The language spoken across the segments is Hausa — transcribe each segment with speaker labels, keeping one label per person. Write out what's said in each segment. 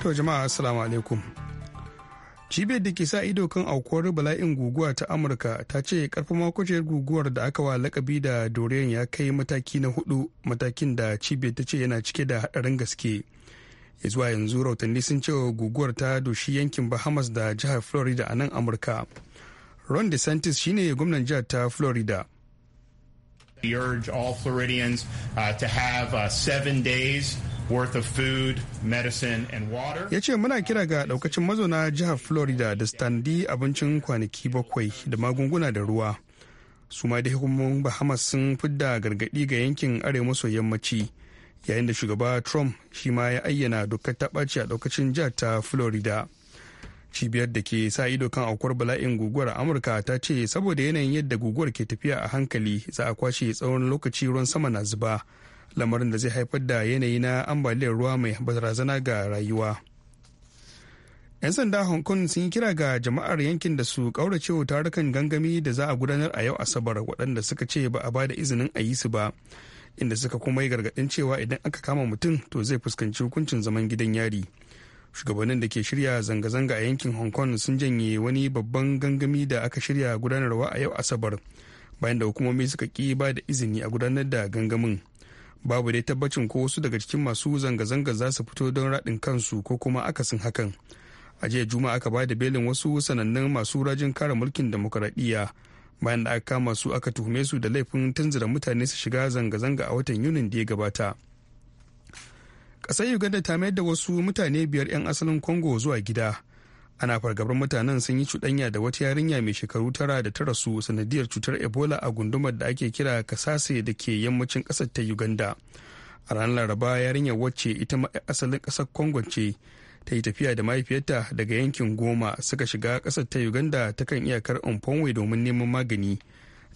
Speaker 1: To jama'a assalamu alaikum. Cibiyar da ke sa ido kan aukuwar bala'in guguwa ta Amurka ta ce karfin makwaciyar guguwar da aka wa lakabi da Dorian ya kai mataki na hudu matakin da cibiyar ta ce yana cike da hadarin gaske. zuwa yanzu rautanni sun ce guguwar ta doshi yankin Bahamas da jihar Florida a nan Amurka. Ron DeSantis shine gwamnan jihar ta Florida. We urge all Floridians uh, to have uh, seven days worth of food, and water. Ya ce muna kira ga daukacin mazauna jihar Florida da standi abincin kwanaki bakwai da magunguna da ruwa. Su ma da hukumomin Bahamas sun fidda gargadi ga yankin arewa maso yammaci. Yayin da shugaba Trump shi ma ya ayyana dokar ta a daukacin jihar ta Florida. Cibiyar da ke sa ido kan aukuwar bala'in guguwar Amurka ta ce saboda yanayin yadda guguwar ke tafiya a hankali za a kwashe tsawon lokaci ruwan sama na zuba. lamarin da zai haifar da yanayi na ambaliyar ruwa mai barazana ga rayuwa 'yan sanda hong kong sun yi kira ga jama'ar yankin da su kaurace wa tarukan gangami da za a gudanar a yau asabar waɗanda suka ce ba a ba da izinin a yi su ba inda suka kuma yi gargaɗin cewa idan aka kama mutum to zai fuskanci hukuncin zaman gidan yari shugabannin da ke shirya zanga-zanga a yankin hong kong sun janye wani babban gangami da aka shirya gudanarwa a yau asabar bayan da hukumomi suka ƙi ba da izini a gudanar da gangamin babu dai tabbacin ko wasu daga cikin masu zanga-zanga za su fito don raɗin kansu ko kuma akasin hakan a jiya juma'a aka ba da belin wasu sanannen masu rajin kare mulkin demokuraɗiyya bayan da aka kama su aka tuhume su da laifin tunzura mutane su shiga zanga-zanga a watan yunin da ya gabata ƙasar uganda ta mayar da wasu mutane biyar 'yan asalin congo zuwa gida ana fargabar mutanen sun yi cuɗanya da wata yarinya mai shekaru tara da ta rasu sanadiyar cutar ebola a gundumar da ake kira kasase da ke yammacin ƙasar ta uganda a ranar laraba yarinyar wacce ita ma asalin ƙasar congo ce ta yi tafiya da mahaifiyarta daga yankin goma suka shiga ƙasar ta uganda ta kan iyakar umfonwe domin neman magani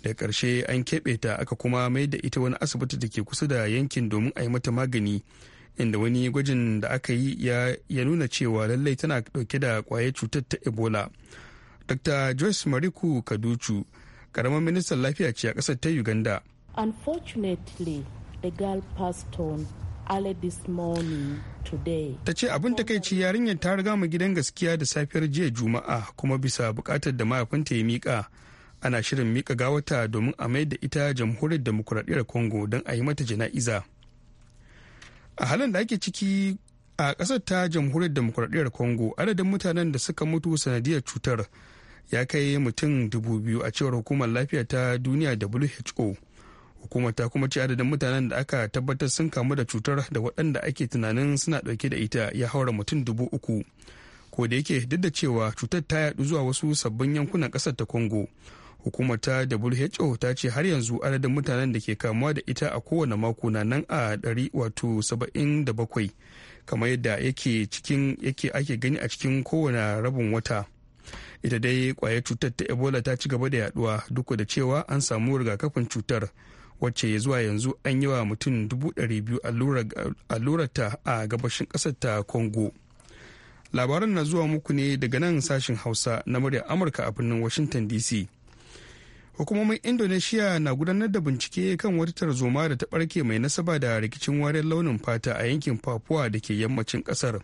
Speaker 1: da ƙarshe an keɓe ta aka kuma mai da ita wani asibiti da ke kusa da yankin domin a yi mata magani inda wani gwajin da aka yi ya nuna cewa lallai tana dauke da kwayar cutar ta ebola dr joyce mariku kaducu karamar ministan lafiya ce a kasar ta uganda
Speaker 2: unfortunately the girl passed on early this morning
Speaker 1: ta ce abin takaici yarinyar ta riga mu gidan gaskiya da safiyar jiya juma'a kuma bisa bukatar da mahaifinta ya mika ana shirin mika gawata domin a mai da ita jamhuriyar demokuraɗiyyar congo don a yi mata jana'iza a halin da ake ciki a ƙasar ta jamhuriyar demokuraɗiyyar congo adadin mutanen da suka mutu sanadiyar cutar ya kai mutum dubu biyu a cewar hukumar lafiya ta duniya who hukumar ta kuma ce adadin mutanen da aka tabbatar sun kamu da cutar da waɗanda ake tunanin suna ɗauke da ita ya haura mutum dubu uku ko da yake duk da cewa cutar ta yaɗu zuwa wasu sabbin yankunan ƙasar ta congo hukumar ta who ta ce har yanzu adadin mutanen da ke kamuwa da ita a kowane mako na nan a 177 kamar yadda yake cikin yake ake gani a cikin kowane rabin wata ita dai kwayar cutar ta ebola ta ci gaba da yaduwa duk da cewa an samu rigakafin cutar wacce zuwa yanzu an yi wa mutum 200,000 allurarta a gabashin kasar ta congo labaran na zuwa muku ne daga nan sashen hausa na murya amurka a birnin washington dc hukumomin indonesiya na gudanar da bincike kan wata tarzoma da ta barke mai nasaba da rikicin wariyar launin fata a yankin papua da ke yammacin kasar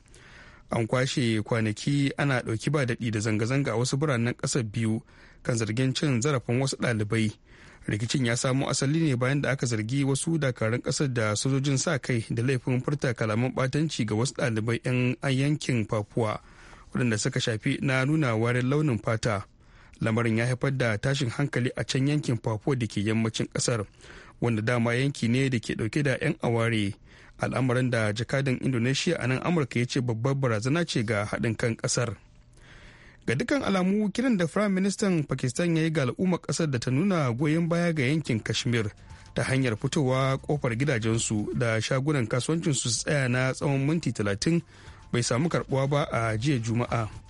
Speaker 1: an kwashe kwanaki ana ɗauki ba daɗi da zanga-zanga a wasu biranen ƙasar biyu kan zargin cin zarafin wasu ɗalibai rikicin ya samo asali ne bayan da aka zargi wasu dakarun ƙasar da sojojin sa kai da laifin furta kalaman batanci ga wasu ɗalibai 'yan yankin papua waɗanda suka shafi na nuna warin launin fata lamarin ya haifar da tashin hankali a can yankin papua da ke yammacin kasar wanda dama yanki ne da ke dauke da 'yan aware al'amarin da jakadan indonesia a nan amurka ya ce babbar barazana ce ga haɗin kan kasar ga dukkan alamu kiran da firayim ministan pakistan ya yi ga al'ummar kasar da ta nuna goyon baya ga yankin kashmir ta hanyar fitowa kofar gidajensu da shagunan kasuwancinsu su tsaya na tsawon minti talatin bai samu karbuwa ba a jiya juma'a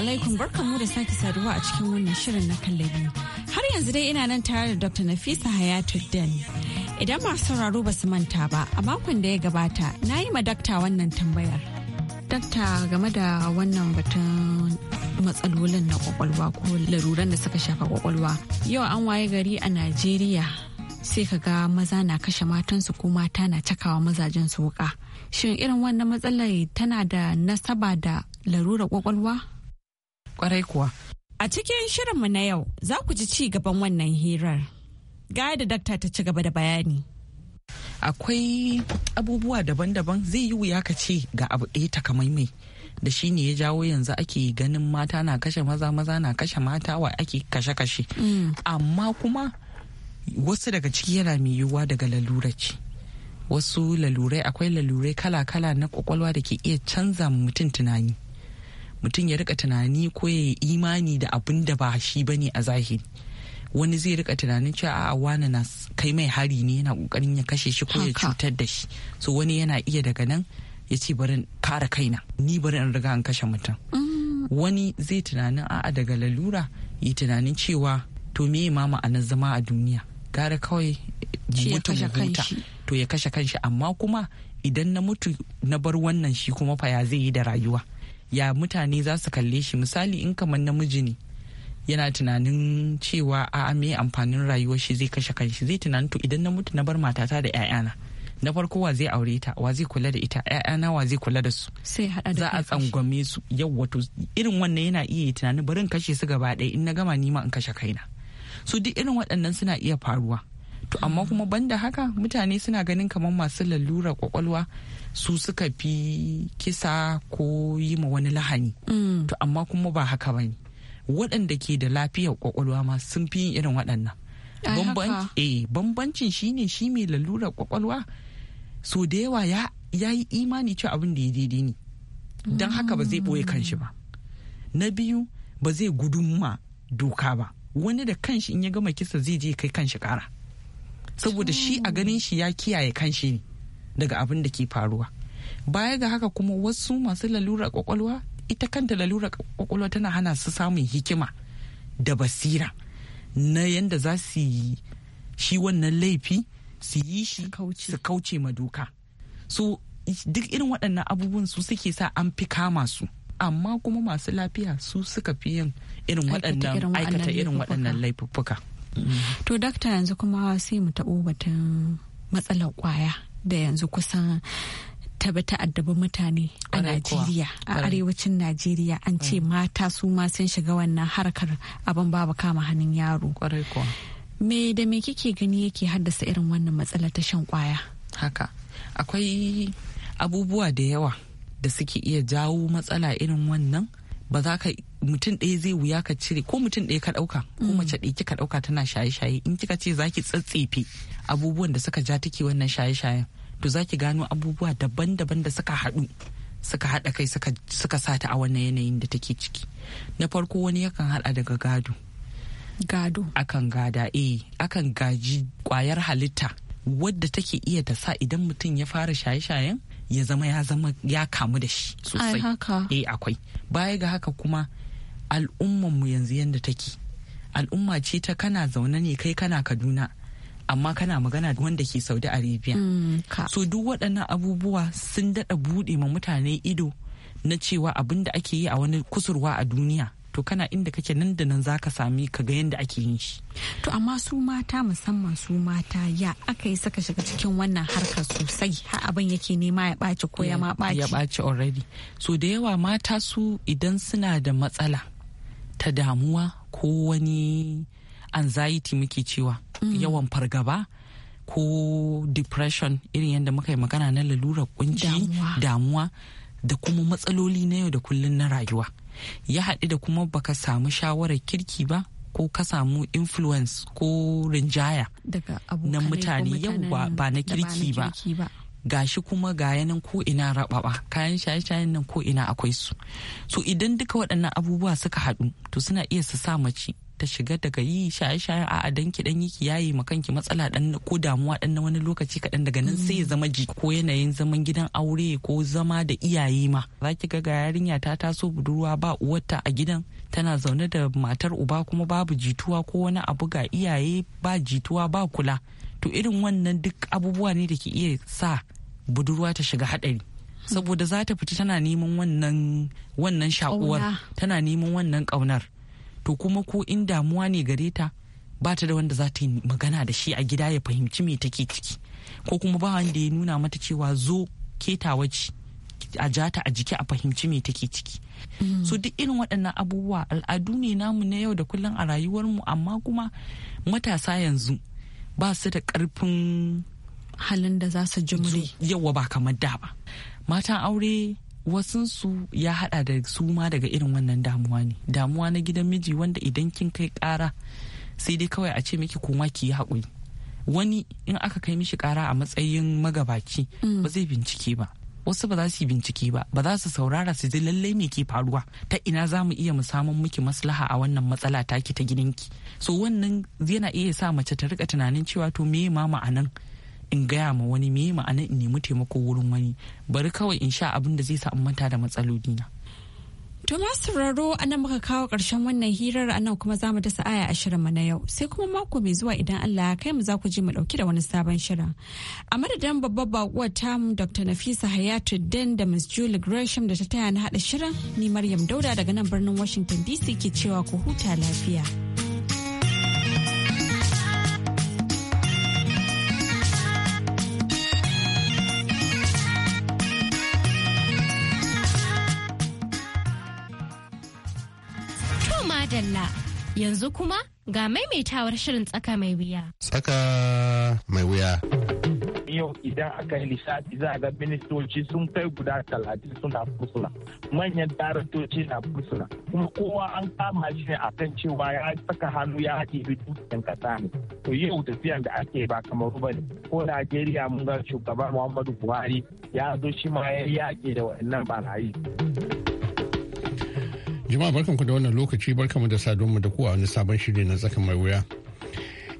Speaker 3: alaikum mu da sake saduwa a cikin wannan shirin na kallabi. Har yanzu dai ina nan tare da Dr. Nafisa hayatu Dan Idan masu sauraro ba su manta ba, a makon da ya gabata na yi ma dakta wannan tambayar. Dakta game da wannan batun matsalolin na kwakwalwa ko laruran da suka shafa kwakwalwa. Yau an waye gari a Najeriya sai ka ga maza na kashe matansu ko mata na cakawa mazajen su wuka. Shin irin wannan matsalar tana da nasaba da larurar kwakwalwa? Kwarai kuwa. A cikin shirinmu na yau za ku ji ci gaban wannan hirar. Ga da dakta ta ci gaba da bayani.
Speaker 2: Akwai abubuwa daban-daban zai yi wuya ka ce ga abu ɗaya takamaimai. da shi ne ya jawo yanzu ake ganin mata na kashe maza maza na kashe mata wa ake kashe-kashe mm. amma kuma wasu daga ciki yana mai yiwuwa daga lalura ce wasu lalurai akwai lalurai kala-kala na kwakwalwa da ke iya canza mutum tunani mutum ya rika tunani ko ya yi imani da abin da ba shi ba ne a zahiri wani zai rika tunanin cewa a'a wani na kai mai hari ne yana kokarin ya kashe shi ko ya cutar da shi so wani yana iya daga nan ya ce bari kare kaina ni bari in riga in kashe mutum mm. wani zai tunanin a'a daga lalura yi tunanin cewa to me ma ma'anar zama a duniya gara kawai
Speaker 1: mutum huta
Speaker 2: to ya kashe kanshi amma kuma idan na mutu na bar wannan shi kuma fa ya zai yi da rayuwa ya mutane za su kalle shi misali in kamar namiji ne yana tunanin cewa a me amfanin rayuwar shi zai kashe kanshi zai tunanin to idan na mutu na bar matata da 'ya'yana na farko wa zai aure ta wa zai kula da ita 'ya'yana wa zai kula da su za a tsangwame su yau wato irin wannan yana iya tunanin barin kashe su gaba ɗaya in na gama nima in kashe kaina su duk irin waɗannan suna iya faruwa to amma kuma banda haka mutane suna ganin kamar masu lalurar kwakwalwa su suka fi kisa ko yi ma wani lahani mm. to amma kuma ba haka bane waɗanda ke da lafiyar kwakwalwa ma sun fi irin waɗannan eh, bambancin shine shi mai lalurar kwakwalwa so da yawa ya yi imani cewa abin da ya daidai ne don haka ba zai ɓoye kanshi ba na biyu ba zai gudun ma doka ba wani da kanshi in ya gama kisa zai je kai kanshi ƙara. saboda shi a ganin shi ya kiyaye kanshi ne daga abin da ke faruwa baya ga haka kuma wasu masu lalura kwakwalwa ita kanta lalura kwakwalwa tana hana su samun hikima da basira na yadda za su yi shi wannan laifi su yi shi su kauce ma doka so duk irin waɗannan abubuwan su suke sa an fi kama su amma kuma masu lafiya su suka fi yin irin waɗannan aikata irin waɗannan laifuffuka
Speaker 3: to dakta yanzu kuma sai mu taɓo batun matsalar kwaya da yanzu kusan ta tabi ta'addabi mutane a Najeriya a arewacin Najeriya an ce mm. mata su ma sun shiga wannan harkar abin babu kama hannun yaro. Me da me kike gani yake haddasa irin wannan matsala ta shan kwaya? Haka akwai
Speaker 2: abubuwa da yawa da suke iya jawo matsala irin wannan ba za ka mutum ɗaya zai wuya ka cire ko mutum ɗaya ka ɗauka ko mm. mace ɗaya kika ɗauka tana shaye-shaye in kika ce za ki tsatsefe abubuwan da suka ja take wannan shaye-shayen to za ki gano abubuwa daban-daban da suka haɗu suka haɗa kai suka sa ta a wannan yanayin da take ciki na farko wani yakan haɗa daga gado gado akan gada eh akan gaji kwayar halitta wadda take iya ta sa idan mutum ya fara shaye-shayen ya zama ya zama ya kamu da shi sosai E akwai baya ga haka kuma al'umman mu yanzu yadda take al'umma ce ta kana zaune ne kai kana kaduna amma kana magana da wanda ke saudi arabia mm, so duk waɗannan abubuwa sun daɗa buɗe ma mutane ido na cewa abin da ake yi a wani kusurwa a duniya to kana inda kake nan da nan zaka sami ka ga yadda ake yin shi
Speaker 3: to amma su mata musamman su mata ya aka yi saka shiga cikin wannan harkar sosai ha abin yake nema ya ɓaci ko ya ma eh, ɓaci ya
Speaker 2: ɓaci already so da yawa mata su idan suna da matsala ta damuwa ko wani anxiety muke cewa mm. yawan fargaba ko depression irin yadda muka yi magana na lalurar kunci damuwa da kuma matsaloli na yau da kullun na rayuwa ya haɗu da kuma baka samu shawarar kirki ba ko ka samu influence ko rinjaya na mutane yau ba na kirki ba gashi kuma ga yanan ko ina rababa kayan shaye-shayen nan ko'ina akwai su so idan duka waɗannan abubuwa suka haɗu to suna iya su sa mace ta shiga daga yi shaye shaye a'a dan ki dan yi ki yayi ma kanki matsala dan ko damuwa dan na wani lokaci kaɗan daga nan sai ya zama ji ko yanayin zaman gidan aure ko zama da iyaye ma za ki ga ga yarinya ta taso budurwa ba uwarta a gidan tana zaune da matar uba kuma babu jituwa ko wani abu ga iyaye ba jituwa ba kula to irin wannan duk abubuwa ne da ke iya sa budurwa ta shiga haɗari saboda za ta fita tana neman wannan shakuwar tana neman wannan ƙaunar to kuma ko in damuwa ne gare ta ba ta da wanda za ta yi magana da shi a gida ya fahimci me take ciki ko kuma ba wanda ya nuna mata cewa zo ketawa ce a jata a jiki a fahimci me take ciki mm. so duk irin waɗannan abubuwa al'adu ne namu na yau da kullum a rayuwarmu amma kuma matasa yanzu ba su da ƙarfin halin da za su jimri yawa ba kamar da ba matan aure wasunsu ya hada da su ma daga irin wannan damuwa ne damuwa na gidan miji wanda idan kin kai kara sai dai kawai a ce miki koma ki yi haƙuri wani in aka kai mishi kara a matsayin magabaci mm. ba zai bincike ba wasu ba za su yi bincike ba ba za su saurara su ji lallai me ke faruwa ta ina za mu iya mu samun miki maslaha a wannan matsala taki ta gidanki so wannan yana iya sa mace ta rika tunanin cewa to me ma ma'anan in gaya ma wani me ma'ana in nemi taimako wurin wani bari kawai in sha abin da zai sa in manta da matsaloli na.
Speaker 3: To masu sauraro nan muka kawo ƙarshen wannan hirar a nan kuma za mu dasa aya ashirin mu na yau sai kuma mako mai zuwa idan Allah ya kai mu za ku je mu ɗauki da wani sabon shirin. A madadin babbar ta mu Dr. Nafisa hayatu den da Ms. Julie Gresham da ta taya na haɗa shirin ni Maryam Dauda daga nan birnin Washington DC ke cewa ku huta lafiya.
Speaker 4: yanzu kuma ga maimaitawar shirin tsaka mai wuya.
Speaker 5: Tsaka mai wuya.
Speaker 6: yau idan aka yi lissafi za a ga ministoci sun kai guda talatin suna fursuna manyan daraktoci na fursuna kuma kowa an kama shi ne kan cewa ya saka hannu ya haɗe dukkan kasa ne to yau tafiyan da ake ba kamar ba ne ko najeriya mun ga shugaba muhammadu buhari ya zo shi ma ya yaƙi da waɗannan barayi.
Speaker 5: Jama'a barkanku da wannan lokaci barkanmu da saduwanmu da ku a wani sabon shiri na tsakan mai wuya.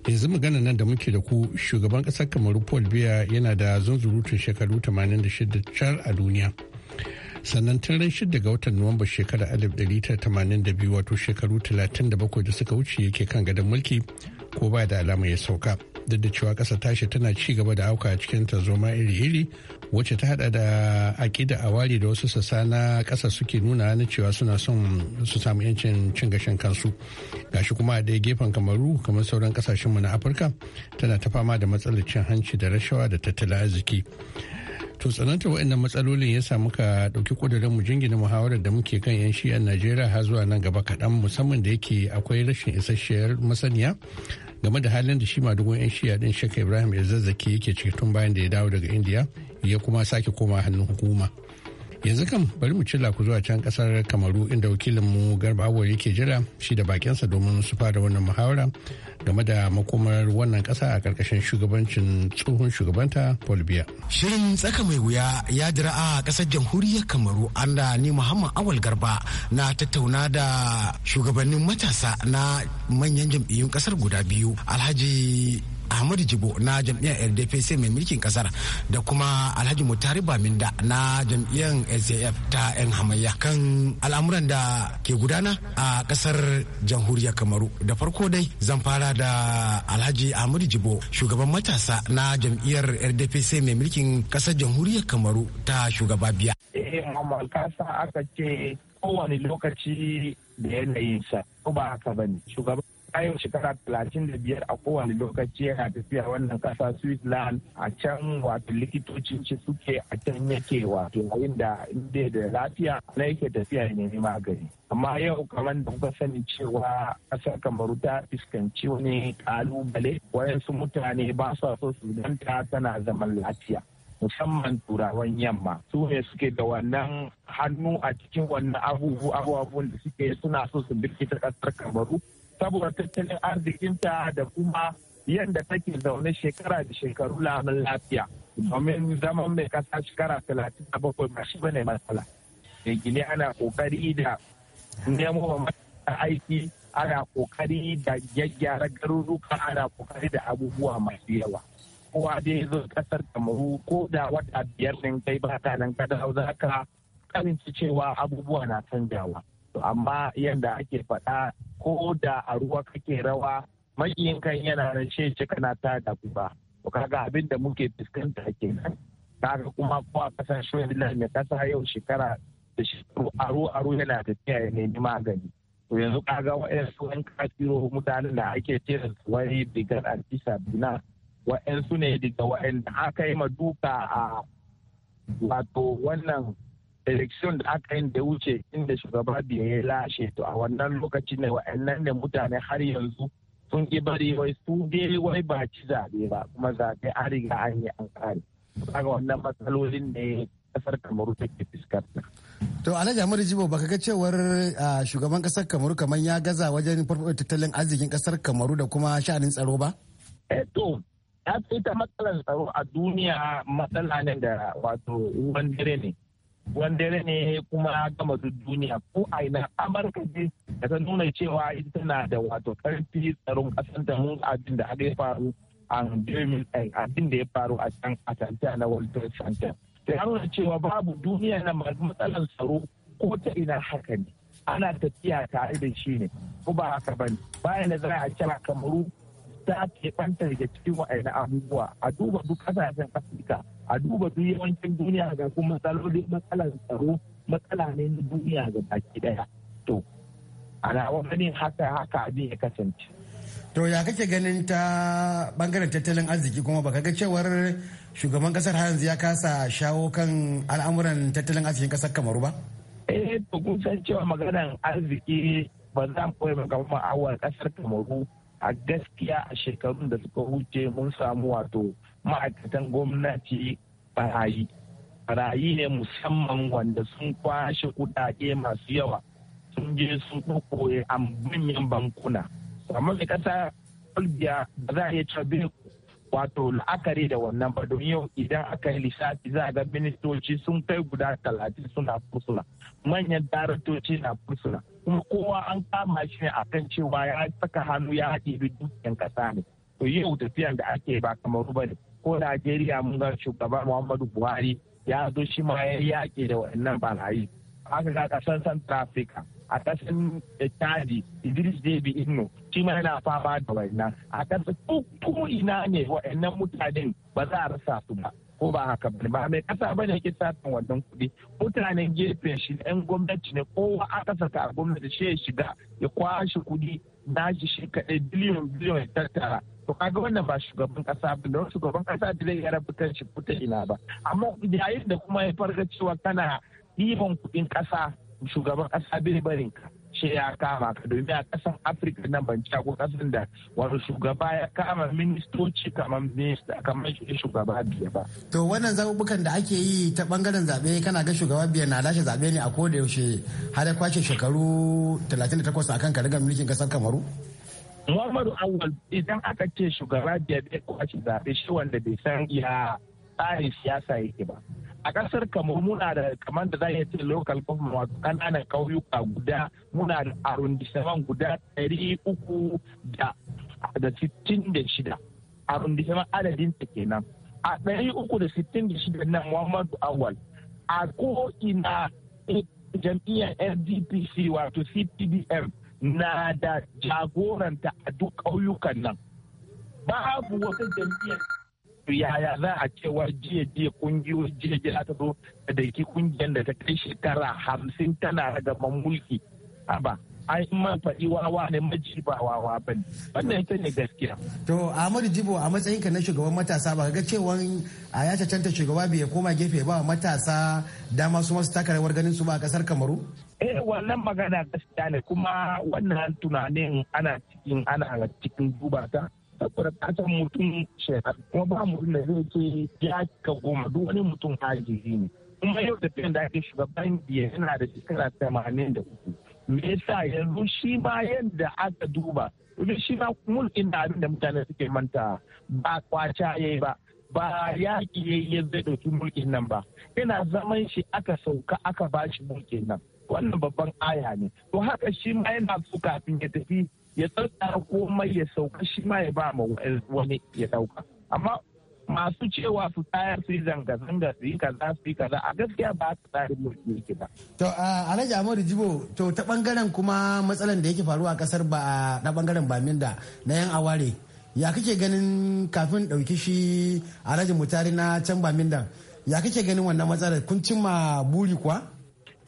Speaker 5: yanzu magana nan da muke da ku shugaban kasar kamaru paul biya yana da zunzurutun shekaru 86 a duniya sannan tun ran shidda ga watan nuwamba shekara 1982 wato shekaru 37 da suka wuce yake kan gadon mulki ko ba da alama ya sauka duk da cewa ƙasa tashi tana ci gaba da auka cikin tarzoma iri-iri wacce ta hada da aƙida a wari da wasu sassa na ƙasa suke nuna na cewa suna son su samu yancin cin gashin kansu gashi kuma a ɗaya gefen kamaru kamar sauran ƙasashenmu na afirka tana ta fama da matsalar cin hanci da rashawa da tattalin arziki to tsananta waɗannan matsalolin ya samu ka ɗauki ƙudurin mu jingina muhawarar da muke kan yan shi'an najeriya har zuwa nan gaba kaɗan musamman da yake akwai rashin isasshiyar masaniya game da halin da shi madugun 'yan shiya din shek ibrahim ya zazzaki yake ciki tun bayan da ya dawo daga indiya ya kuma sake koma hannun hukuma yanzu kan bari mu cilla ku zuwa can kasar kamaru inda wakilinmu garba awo yake jira shi da bakinsa domin su fara wannan muhawara game da makomar wannan kasa a karkashin shugabancin tsohon shugabanta paul shirin tsaka mai wuya ya
Speaker 7: dira a kasar jamhuriyar kamaru an da ni muhammad awal garba na tattauna da shugabannin matasa na manyan jam'iyyun kasar guda biyu alhaji ahmadu jibo na jam'iyyar rdpc mai mulkin kasar da kuma alhaji mutari baminda na jam'iyyar SAF ta yan hamayya kan al'amuran da ke gudana a kasar jamhuriyar kamaru da farko dai zan fara da alhaji ahmadu jibo shugaban matasa na jam'iyyar rdpc mai mulkin kasar jamhuriyar kamaru ta shugaba biya
Speaker 6: eh, kasa aka ce kowane lokaci da yanayinsa ko ba haka bane shugaban yau shekara talatin da biyar a kowane lokaci yana tafiya wannan kasa switzerland a can wato likitoci ce suke a can yake wato yayin da inda da lafiya na yake tafiya ne nemi magani amma yau kamar da kuka sani cewa kasar kamaru ta fuskanci wani kalubale wayansu mutane ba su so su danta tana zaman lafiya musamman turawan yamma su ne suke da wannan hannu a cikin wannan abubuwan da suke suna so su birkita kasar kamaru saboda tattalin arzikinta da kuma yadda take zaune shekara da shekaru lamun lafiya domin zaman mai kasa shekara talatin da bakwai ba matsala da gine ana kokari da nemo wa matasa aiki ana kokari da gyaggyara garuruka ana kokari da abubuwa masu yawa kowa dai zo kasar kamaru ko da wata biyar ne kai ba ta nan kada za ka karinci cewa abubuwa na canjawa to amma yadda ake faɗa ko da a ruwa kake rawa makiyin yana nan shi kana ta da ba to kaga abin da muke fuskanta kenan kaga kuma ko a kasan shoyin mai kasa yau shekara da shekaru aro aro yana da tafiya ya nemi magani to yanzu kaga wa'ansu an kasiro mutanen da ake ce wani a antisa bina wa'ansu ne daga wa'anda aka yi ma duka a wato wannan election da aka yi da wuce inda shugaba biya ya lashe to a wannan lokaci ne wa'annan da mutane har yanzu sun ki bari wai su dai wai ba ci zaɓe ba kuma zaɓe an riga an yi an kare kaga wannan matsalolin ne kasar kamaru take fuskanta.
Speaker 7: to alhaji amadu jibo baka ga cewar shugaban ƙasar kamaru kamar ya gaza wajen farfaɗo tattalin arzikin kasar kamaru da kuma sha'anin tsaro ba. Eh,
Speaker 6: to ya fita matsalar tsaro a duniya matsala ne da wato ruwan dare ne ya ne kuma gama duk duniya ko a ina amurka ce da ta nuna cewa ita tana da wato karfi tsaron kasan ta mun abin da aka faru a eh, abin da ya faru a can atanta na world trade center ta nuna cewa babu duniya na matsalar tsaro ko ta ina haka ne ana tafiya tare da shi ne ko ba haka ba ne bayan da za a cira kamaru ta keɓanta daga cikin wa'ina abubuwa a duba duk ƙasashen afirka a duba duk yawancin duniya ga kuma matsaloli matsalar tsaro matsala ne na duniya ga baki ɗaya to ana wani haka haka abin ya kasance to ya kake ganin ta bangaren
Speaker 7: tattalin arziki kuma baka ga cewar shugaban kasar har yanzu ya kasa shawo kan
Speaker 6: al'amuran tattalin arzikin kasar kamaru ba eh to kun san cewa maganar arziki ba za mu koyi maka kamar awar kasar kamaru a gaskiya a shekarun da suka wuce mun samu wato ma'aikatan gwamnati barayi barayi ne musamman wanda sun kwashe kudade masu yawa sun je sun ɗauko a manyan bankuna amma mai kasa Olbia ba za a iya cewa wato la'akari da wannan ba domin yau idan aka yi lissafi za a ga ministoci sun kai guda talatin suna fursuna manyan daratoci na fursuna kuma kowa an kama shi a kan cewa ya saka hannu ya da dukiyar ƙasa ne to yau tafiyar da ake ba kamar ruba ne ko najeriya mun ga shugaba muhammadu buhari ya zo shi ma ya yaƙi da waɗannan barayi haka ga ƙasar central africa a ƙasar chadi idris debi inno shi ma yana fama da wannan a ƙasar ko ina ne waɗannan mutanen ba za a rasa su ba ko ba haka ba ba mai kasa ba ne ke satan wannan kuɗi mutanen gefen shi yan gwamnati ne kowa aka saka a gwamnati shi ya shiga ya kwashe kuɗi na shi shi kaɗai biliyon biliyon ya tattara to kaga wannan ba shugaban kasa ba don shugaban kasa da zai yara fitar shi fita ina ba amma yayin da kuma ya farga cewa kana ɗiban kuɗin kasa shugaban kasa bai barin ka ce ya kama ka domin a ƙasar afirka na banci ko kasan da wani shugaba ya kama ministoci kamar minista kamar shugaba biya ba.
Speaker 7: to wannan zaɓuɓɓukan da ake yi ta bangaren zaɓe kana ga shugaba biya na lashe zaɓe ne a ko da yaushe har ya kwace shekaru 38
Speaker 6: ka karigar mulkin kasar kamaru. muhammadu awal idan aka ce shugaba biya bai kwace zaɓe shi wanda bai san ya tsarin siyasa yake ba a kasar kamar muna da kamar da za a ce local government kananan kauyuka guda muna da arrondissement guda ɗari uku da da sittin da shida arrondissement adadin ta kenan a ɗari uku da sittin da shida nan muhammadu awal a ko ina jam'iyyar fdpc wato cpdm na da jagoranta a duk ƙauyukan nan babu wata jam'iyyar to yaya za a cewa jiya jiya kungiyoyi jiya jiya ta zo da ki kungiyar da ta kai shekara hamsin tana gaban mulki haba ai man faɗi wawa ne maji ba wawa ba ne wannan ita ne gaskiya. to ahmadu jibo a
Speaker 7: matsayinka na shugaban matasa ba ga cewa a ya cancanta shugaba bai koma gefe ba matasa
Speaker 6: dama su masu taka rawar ganin su ba a kasar kamaru. eh wannan magana gaskiya ne kuma wannan tunanin ana cikin ana cikin duba saboda kasan mutum shekar kuma ba mutum da zai ce ya ka goma duk wani mutum hajiji ne kuma yau da fiyan da ake shugaban biya yana da shekara tamanin da uku me yasa yanzu shi ma yadda aka duba domin shi ma mulkin da abin da mutane suke manta ba kwaca ya yi ba ba yaƙi ya yi zai ɗauki mulkin nan ba yana zaman shi aka sauka aka ba shi mulkin nan wannan babban aya ne to haka shi ma yana so kafin ya tafi ya tsarkara komai ya sauka shi ma ya ba ma wani ya dauka amma masu cewa su tayar su yi zanga-zanga su yi kaza su yi kaza a gaskiya ba ta tsarin mulki yake ba.
Speaker 7: To Alhaji Amadu Jibo to ta bangaren kuma matsalar da yake faruwa a kasar ba na bangaren Baminda na yan aware ya kake ganin kafin ɗauki shi Alhaji Mutari na can Baminda ya kake ganin wannan matsalar kun
Speaker 6: cimma buri kuwa?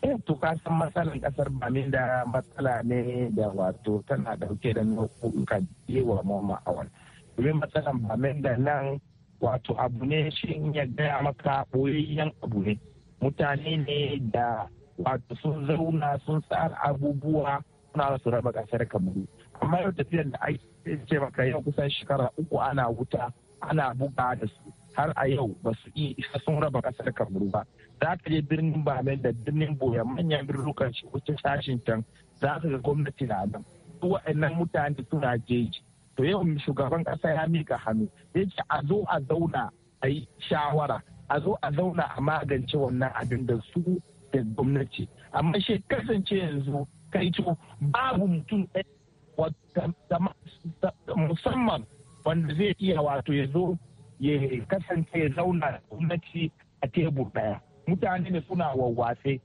Speaker 6: eh to ka san matsalan kasar da matsala ne da wato tana dauke da je wa mama awal domin matsalan da nan wato abu ne shi ya gaya maka boyayyen abu ne mutane ne da wato sun zauna sun tsara abubuwa suna su raba kasar kamaru amma yau tafiyar da ake ce maka yau kusan shekara uku ana wuta ana buga da su har a yau ba su iya isa sun raba kasar kamaru ba za ka je birnin bamen da birnin boya manyan birnukan shi wucin sashin can za ka ga gwamnati na nan su waɗannan mutane suna jeji to yau shugaban kasa ya mika hannu ya ce a zo a zauna a yi shawara a zo a zauna a magance wannan abin da su da gwamnati amma shi kasance yanzu kai babu mutum ɗaya musamman wanda zai iya wato ya zo ya kasance zauna a gwamnati a tebur daya mutane ne suna wawwase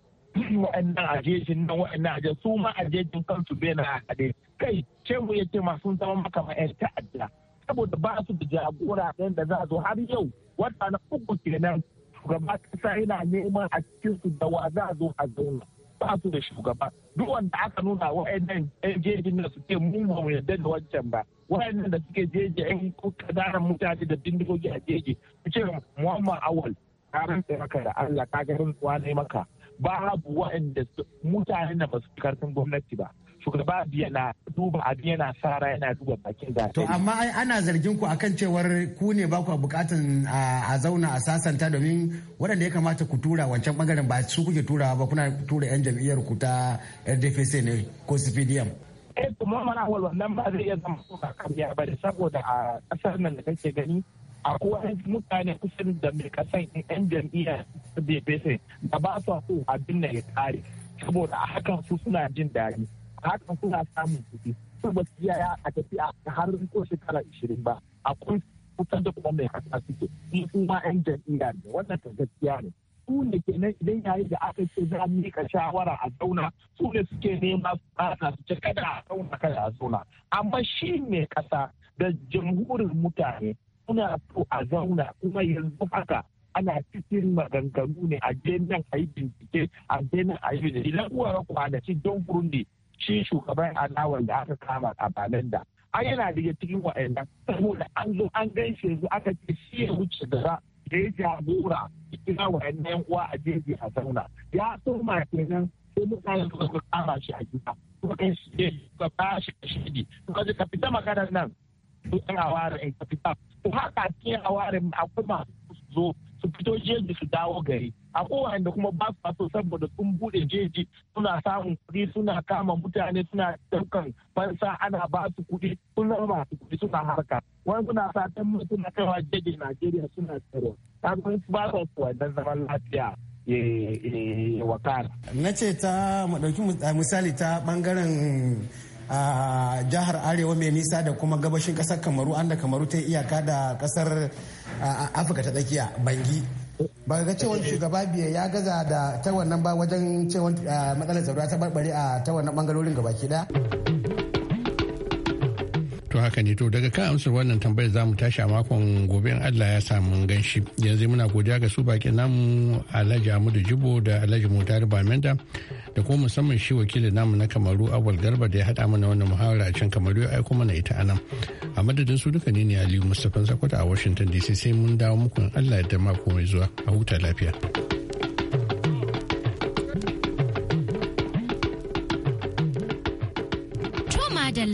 Speaker 6: wa'annan ajejin na wa'annan ajejin su ma ajejin kansu bai na haɗe kai shehu ya ce masu zama maka ma'ayar ta'adda saboda ba su da jagora ɗayan da za a zo har yau wata na uku kenan shugaba ƙasa yana neman a cikinsu da wa za a zo a zauna ba su da shugaba duk wanda aka nuna wa'annan yan jejin da suke ke ba mu yarda da wancan ba wa'annan da suke jeji yan kadaran mutane da bindigogi a jeji su ce muhammad awal karin sai maka da allah ka garin tsuwa ne maka babu wa'anda mutane da ba su karfin gwamnati ba shugaba biya na duba abu yana sara yana duba bakin da to amma
Speaker 7: ana zargin ku akan cewar ku ne ba ku bukatun a zauna a sasanta domin waɗanda ya kamata ku tura wancan bangaren ba su kuke turawa ba kuna tura yan jam'iyyar ku ta RDPC ne ko CPDM
Speaker 6: eh kuma mana wal wannan ba zai iya zama ba karya ba saboda a kasar nan da kake gani akwai mutane kusan da mai kasan yan jam'iyyar da ba su so abin da ya kare saboda a hakan su suna jin daɗi haka suna samun kuɗi su ba su yaya a tafiya har ko shekara ishirin ba a akwai kusan da kuma mai haka suke in su ma yan jam'iyya ne wannan ta gaskiya ne su ne kenan idan yayi da aka ce za mu ka shawara a zauna su ne suke nema su tsaka su ce kada a zauna kada a zauna amma shi mai kasa da jamhurin mutane suna so a zauna kuma yanzu haka ana cikin maganganu ne a je a yi bincike a je nan a yi idan kuwa kwanaki don burundi shi shugaban adawar da aka kama a da an yana da ya cikin wa'annan saboda an zo an gan shi yanzu aka ce shi ya wuce gaba da ya jagora ina wa'annan yan uwa a jeji a zauna ya soma kenan sai mutane ko kama shi a gida kuma kai shi ne ko ba shi a shidi suka ka fita maganar nan su yan aware in ka fita to haka cikin aware akwai kuma zo su fito jeji su dawo gari a da kuma ba su faso saboda sun bude jeji suna samun kuɗi suna kama mutane suna daukan fansa ana ba su kuɗi suna ba su kuɗi suna harka wani suna satan mai suna kaiwa jeji najeriya suna tsaro su ba su wannan zaman lafiya eh, eh, wakar.
Speaker 7: Na ce ta ɗauki misali ta ɓangaren a jihar arewa mai nisa da kuma gabashin kasar kamaru an da kamaru ta iyaka da kasar afirka ta tsakiya bangi ba ga cewa shugaba biya ya gaza da ta wannan ba wajen cewa matsalar tsaro ta barbare a ta wannan bangarorin gabaki daya
Speaker 5: to haka ne to daga kan amsar wannan tambayar zamu tashi a makon gobe in Allah ya samu ganshi yanzu muna godiya ga su bakin namu Alhaji Ahmadu Jibo da Alhaji Mutari Bamenda da kuma musamman shi wakilin namu na Kamaru Awal Garba da ya haɗa mana wannan muhawara a can Kamaru ya aiko mana ita anan a madadin su duka ne ne Aliyu Mustapha Sakwata a Washington DC sai mun dawo muku in Allah ya da mako mai zuwa a huta lafiya.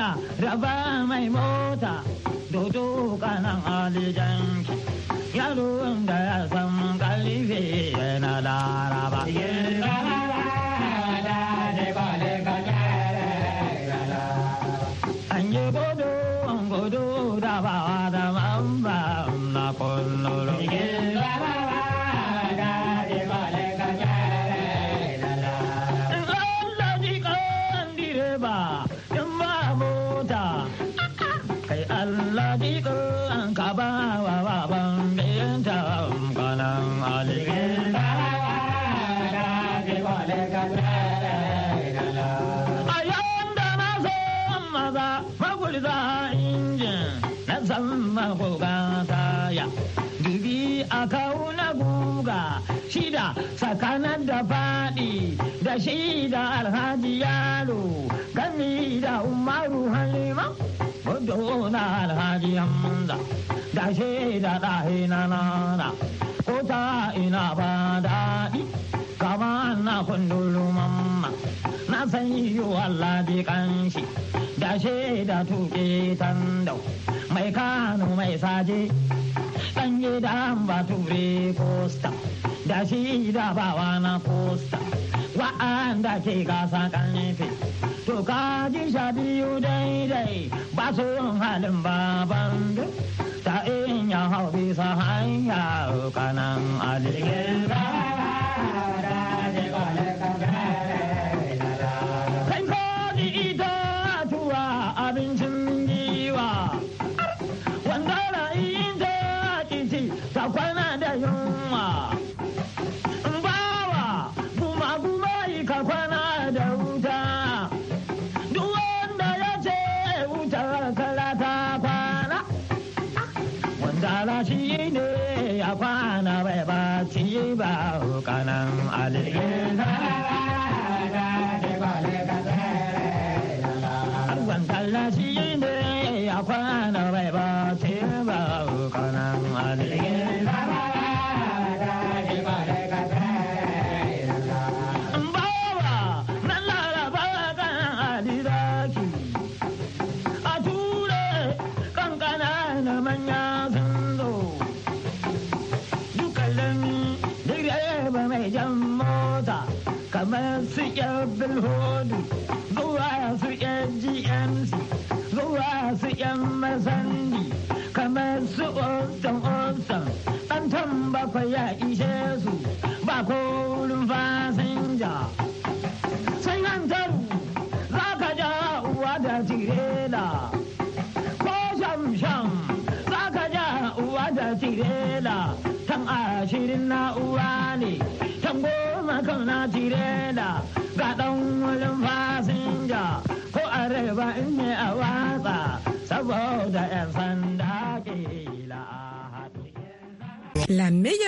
Speaker 8: mota raba mai mota dodo kanan alijan yaron da ya san kalife yana laraba an yi godo an godo da ba da mamba na kullum likitan ka ba wa maza magulza injin na san magoga a kawo guga shida tsakanin da faɗi da shida alhaji yaro gami da umaru halima gudu na alhaji da gashe da ɗahe na nana ko ta ina ba daɗi kama na kundulu mamma na san yi Allah bi kanshi gashe da tuke tandau mai kano mai saje yi da ba ture fosta, da shi da bawa na posta wa'anda ke gasa ƙarfi to ka ji sha biyu daidai ba su yin halin baban ta in ya hau bisa hanya kanan a ba da la meilleure